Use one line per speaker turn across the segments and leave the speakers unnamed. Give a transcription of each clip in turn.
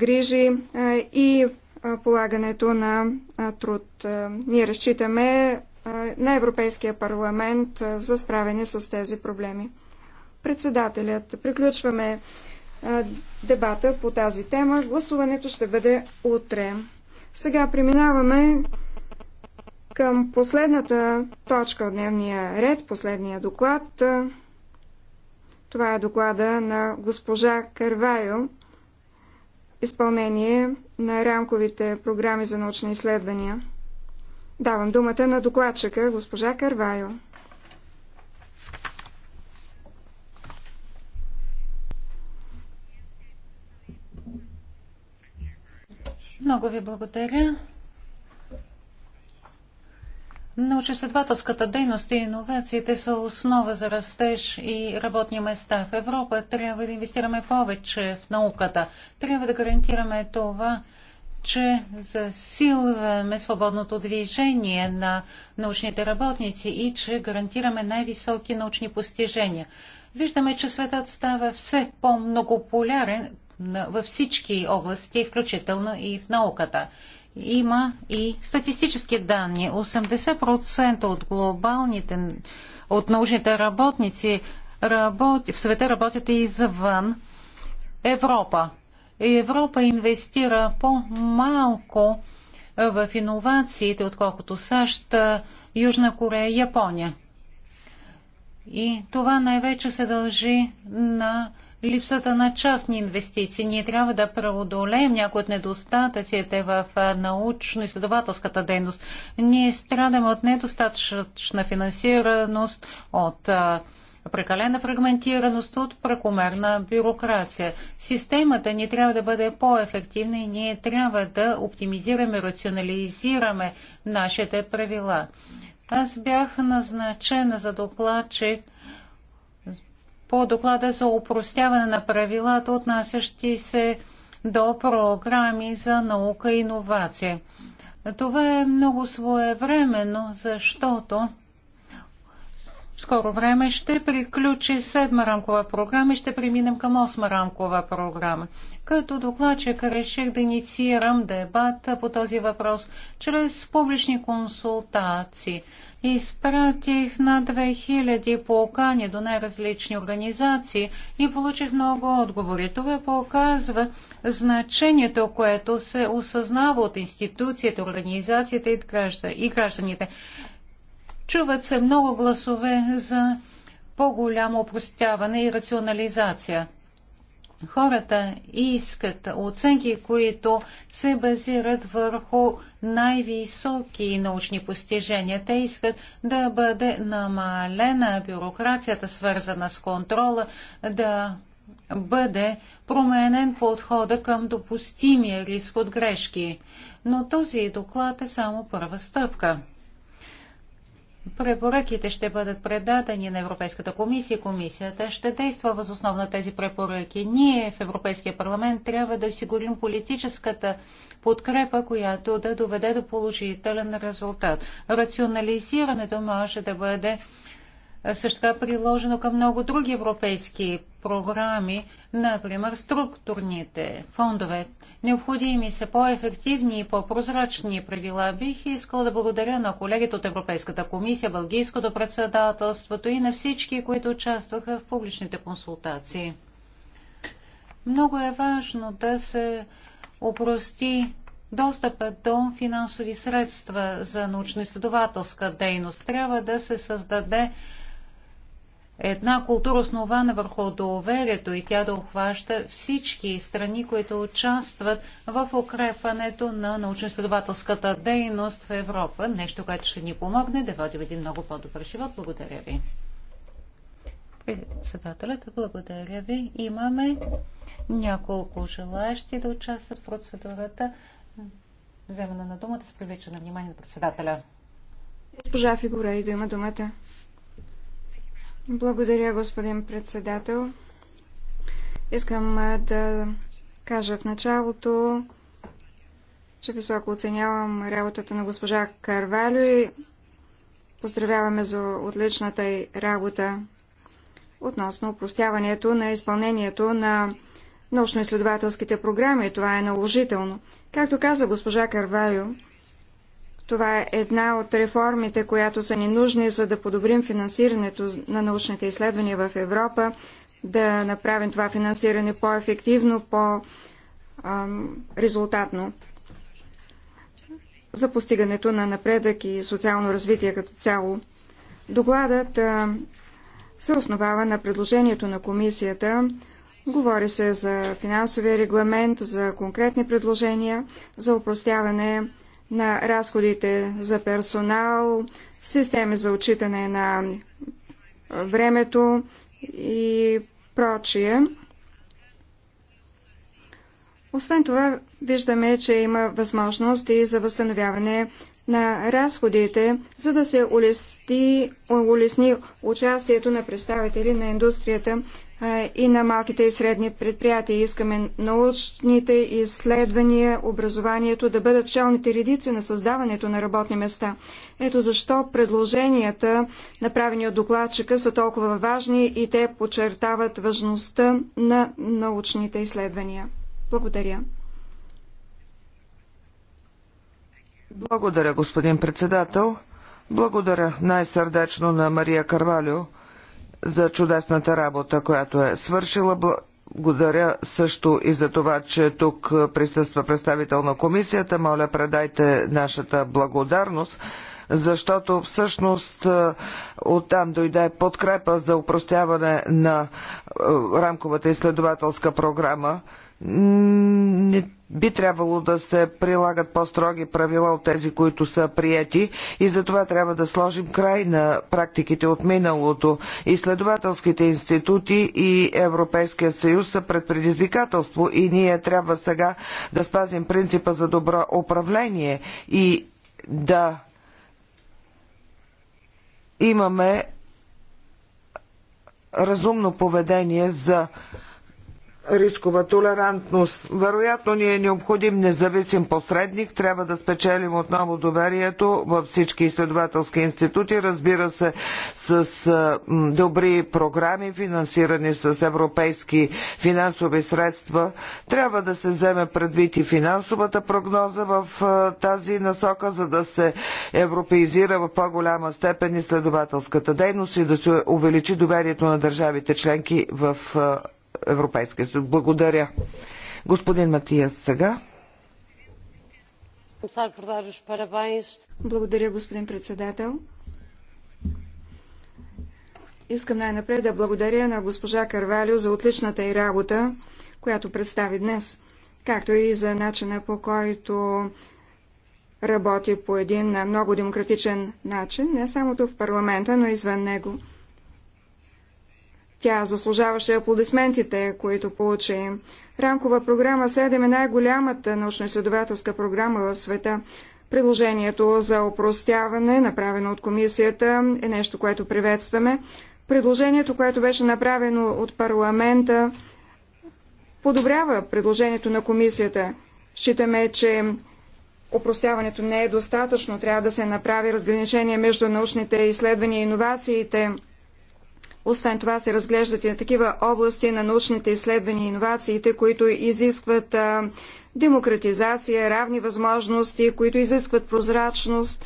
грижи и полагането на труд. Ние разчитаме на Европейския парламент за справяне с тези проблеми. Председателят, приключваме дебата по тази тема. Гласуването ще бъде утре. Сега преминаваме към последната точка от дневния ред, последния доклад. Това е доклада на госпожа Карвайо изпълнение на рамковите програми за научни изследвания. Давам думата на докладчика, госпожа Карвайо.
Много ви благодаря. Научествателската дейност и иновациите са основа за растеж и работни места в Европа. Трябва да инвестираме повече в науката. Трябва да гарантираме това, че засилваме свободното движение на научните работници и че гарантираме най-високи научни постижения. Виждаме, че светът става все по-многополярен във всички области, включително и в науката има и статистически данни. 80% от глобалните, от научните работници работи, в света работят и извън Европа. Европа инвестира по-малко в иновациите, отколкото САЩ, Южна Корея и Япония. И това най-вече се дължи на липсата на частни инвестиции. Ние трябва да преодолеем някои от недостатъците в научно-изследователската дейност. Ние страдаме от недостатъчна финансираност, от прекалена фрагментираност, от прекомерна бюрокрация. Системата ни трябва да бъде по-ефективна и ние трябва да оптимизираме, рационализираме нашите правила. Аз бях назначена за докладчик по доклада за упростяване на правилата, отнасящи се до програми за наука и иновация. Това е много своевременно, защото в скоро време ще приключи седма рамкова програма и ще преминем към осма рамкова програма. Като докладчик реших да инициирам дебат по този въпрос чрез публични консултации. Изпратих на 2000 полкани до най-различни организации и получих много отговори. Това показва значението, което се осъзнава от институциите, организацията и гражданите. Чуват се много гласове за по-голямо опростяване и рационализация. Хората искат оценки, които се базират върху най-високи научни постижения. Те искат да бъде намалена бюрокрацията, свързана с контрола, да бъде променен подхода към допустимия риск от грешки. Но този доклад е само първа стъпка. Препоръките ще бъдат предадени на Европейската комисия комисията ще действа въз основа на тези препоръки. Ние в Европейския парламент трябва да осигурим политическата подкрепа, която да доведе до положителен резултат. Рационализирането може да бъде също така приложено към много други европейски програми, например структурните фондове. Необходими са по-ефективни и по-прозрачни правила. Бих искала да благодаря на колегите от Европейската комисия, Бългийското председателството и на всички, които участваха в публичните консултации. Много е важно да се опрости достъпа до финансови средства за научно-изследователска дейност. Трябва да се създаде една култура основана върху доверието и тя да обхваща всички страни, които участват в укрепването на научно-изследователската дейност в Европа. Нещо, което ще ни помогне да водим един много по-добър живот. Благодаря ви. Председателят, благодаря ви. Имаме няколко желаящи да участват в
процедурата.
Вземане на думата с привличане на внимание на председателя.
Госпожа Фигурейдо има думата. Благодаря, господин председател. Искам да кажа в началото, че високо оценявам работата на госпожа Карвалю и поздравяваме за отличната й работа относно упростяването на изпълнението на научно-изследователските програми. Това е наложително. Както каза госпожа Карвалю, това е една от реформите, която са ни нужни, за да подобрим финансирането на научните изследвания в Европа, да направим това финансиране по-ефективно, по-резултатно за постигането на напредък и социално развитие като цяло. Докладът се основава на предложението на комисията. Говори се за финансовия регламент, за конкретни предложения, за упростяване на разходите за персонал, системи за отчитане на времето и прочие. Освен това, виждаме, че има възможности за възстановяване на разходите, за да се улесни, улесни участието на представители на индустрията и на малките и средни предприятия. Искаме научните изследвания, образованието да бъдат челните редици на създаването на работни места. Ето защо предложенията, направени от докладчика, са толкова важни и те подчертават важността на научните изследвания. Благодаря.
Благодаря, господин председател. Благодаря най-сърдечно на Мария Карвалю за чудесната работа, която е свършила. Благодаря също и за това, че тук присъства представител на комисията. Моля, предайте нашата благодарност защото всъщност е, оттам дойде подкрепа за упростяване на е, рамковата изследователска програма. Не би трябвало да се прилагат по-строги правила от тези, които са приети и за това трябва да сложим край на практиките от миналото. Изследователските институти и Европейския съюз са пред предизвикателство и ние трябва сега да спазим принципа за добро управление и да имаме разумно поведение за рискова толерантност. Вероятно ни е необходим независим посредник. Трябва да спечелим отново доверието във всички изследователски институти, разбира се, с добри програми, финансирани с европейски финансови средства. Трябва да се вземе предвид и финансовата прогноза в тази насока, за да се европеизира в по-голяма степен изследователската дейност и да се увеличи доверието на държавите членки в Европейския съюз. Благодаря. Господин Матиас, сега.
Благодаря, господин председател. Искам най-напред да благодаря на госпожа Карвалио за отличната й работа, която представи днес, както и за начина по който работи по един много демократичен начин, не само тук в парламента, но и извън него. Тя заслужаваше аплодисментите, които получи. Рамкова програма 7 е най-голямата научно-изследователска програма в света. Предложението за опростяване, направено от комисията, е нещо, което приветстваме. Предложението, което беше направено от парламента, подобрява предложението на комисията. Считаме, че опростяването не е достатъчно. Трябва да се направи разграничение между научните изследвания и иновациите. Освен това се разглеждат и на такива области на научните изследвания и иновациите, които изискват демократизация, равни възможности, които изискват прозрачност.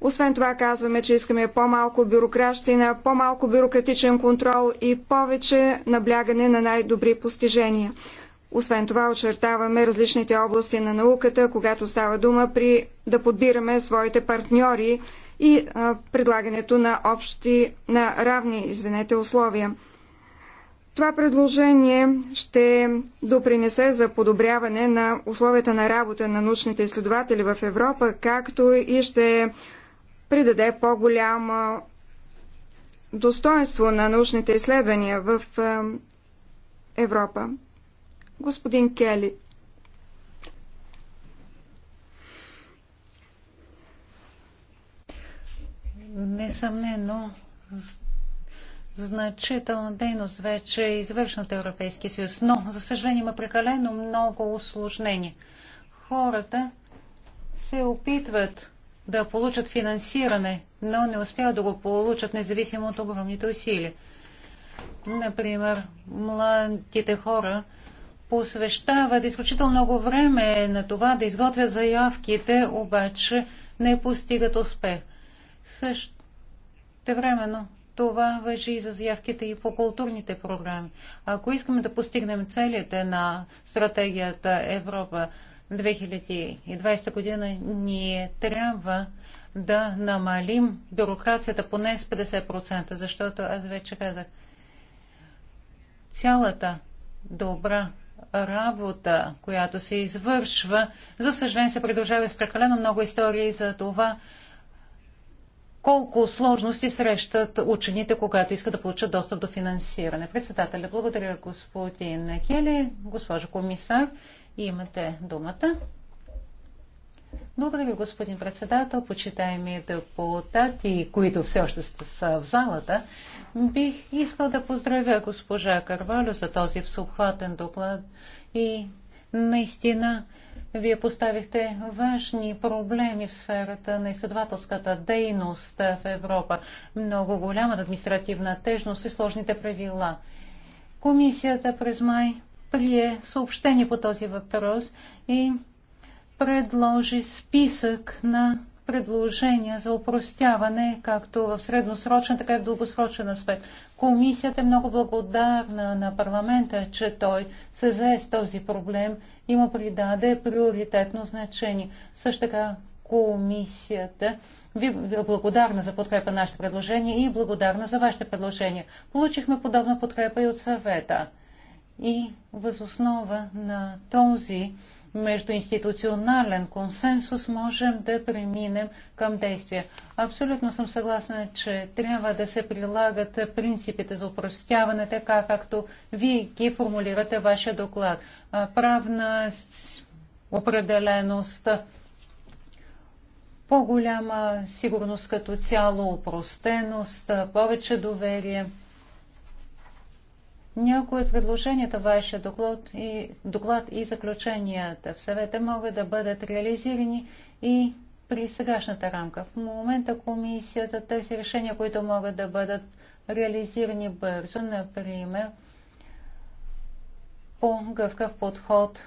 Освен това казваме, че искаме по-малко бюрокращина, по-малко бюрократичен контрол и повече наблягане на най-добри постижения. Освен това очертаваме различните области на науката, когато става дума при да подбираме своите партньори и а, предлагането на общи, на равни, извинете, условия. Това предложение ще допринесе за подобряване на условията на работа на научните изследователи в Европа, както и ще придаде по-голямо достоинство на научните изследвания в Европа. Господин Кели.
Несъмнено, значителна дейност вече е извършена от Европейския съюз, но, за съжаление, има прекалено много осложнения. Хората се опитват да получат финансиране, но не успяват да го получат, независимо от огромните усилия. Например, младите хора посвещават изключително много време на това да изготвят заявките, обаче не постигат успех. Също Същевременно това въжи и за заявките и по културните програми. Ако искаме да постигнем целите на стратегията Европа 2020 година, ние трябва да намалим бюрокрацията поне с 50%, защото аз вече казах, цялата добра работа, която се извършва, за съжаление се продължава с прекалено много истории за това, колко сложности срещат учените, когато искат да получат достъп до финансиране. Председателя, благодаря господин Кели. Госпожо комисар, имате думата. Благодаря, господин председател. Почитаеми депутати, които все още са в залата, бих искал да поздравя госпожа Карвалю за този всеобхватен доклад и наистина вие поставихте важни проблеми в сферата на изследователската дейност в Европа. Много голяма административна тежност и сложните правила. Комисията през май прие съобщение по този въпрос и предложи списък на предложения за упростяване, както в средносрочен, така и в дългосрочен аспект. Комисията е много благодарна на парламента, че той се зае с този проблем и му придаде приоритетно значение. Също така комисията ви е благодарна за подкрепа на нашите предложения и благодарна за вашите предложения. Получихме подобна подкрепа и от съвета. И възоснова на този междуинституционален консенсус можем да преминем към действия. Абсолютно съм съгласна, че трябва да се прилагат принципите за упростяване, така както вие ги формулирате вашия доклад. Правна определеност, по-голяма сигурност като цяло, упростеност, повече доверие – някои предложенията в вашия доклад и, доклад и заключенията в съвета могат да бъдат реализирани и при сегашната рамка. В момента комисията търси решения, които могат да бъдат реализирани бързо, например по-гъвкав подход,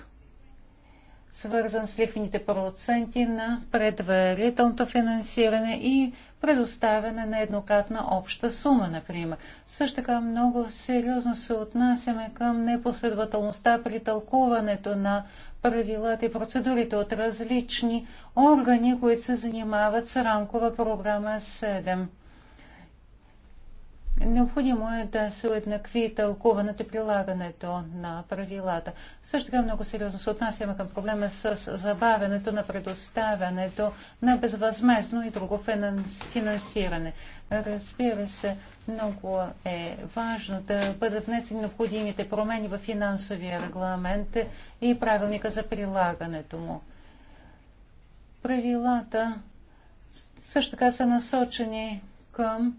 свързан с лихвените проценти на предварителното финансиране и предоставяне на еднократна обща сума, например. Също така много сериозно се отнасяме към непоследователността при тълкуването на правилата и процедурите от различни органи, които се занимават с рамкова програма 7. Необходимо е да се уеднакви тълкуването и прилагането на правилата. Също така много сериозно се отнасяме към проблема с забавянето на предоставянето на безвъзмезно и друго финансиране. Разбира се, много е важно да бъдат внесени необходимите промени в финансовия регламент и правилника за прилагането му. Правилата също така са насочени към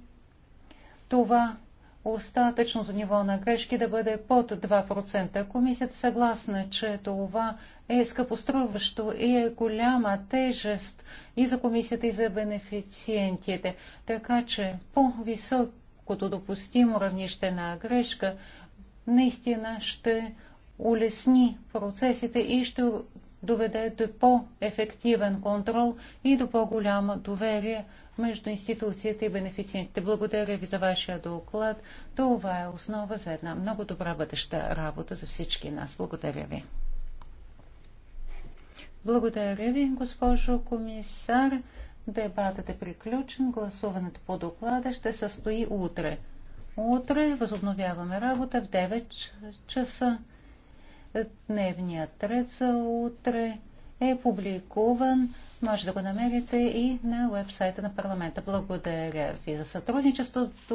това остатъчното ниво на грешки да бъде под 2%. Комисията съгласна, че това е скъпоструващо и е голяма тежест и за комисията, и за бенефициентите. Така че по-високото допустимо равнище на грешка наистина ще улесни процесите и ще доведе до по-ефективен контрол и до по-голямо доверие между институцията и бенефициентите. Благодаря ви за вашия доклад. Това е основа за една много добра бъдеща работа за всички нас. Благодаря ви. Благодаря ви, госпожо комисар. Дебатът е приключен. Гласуването по доклада ще състои утре. Утре възобновяваме работа в 9 часа. Дневният ред за утре е публикуван. Може да го намерите и на вебсайта на парламента. Благодаря ви за сътрудничеството.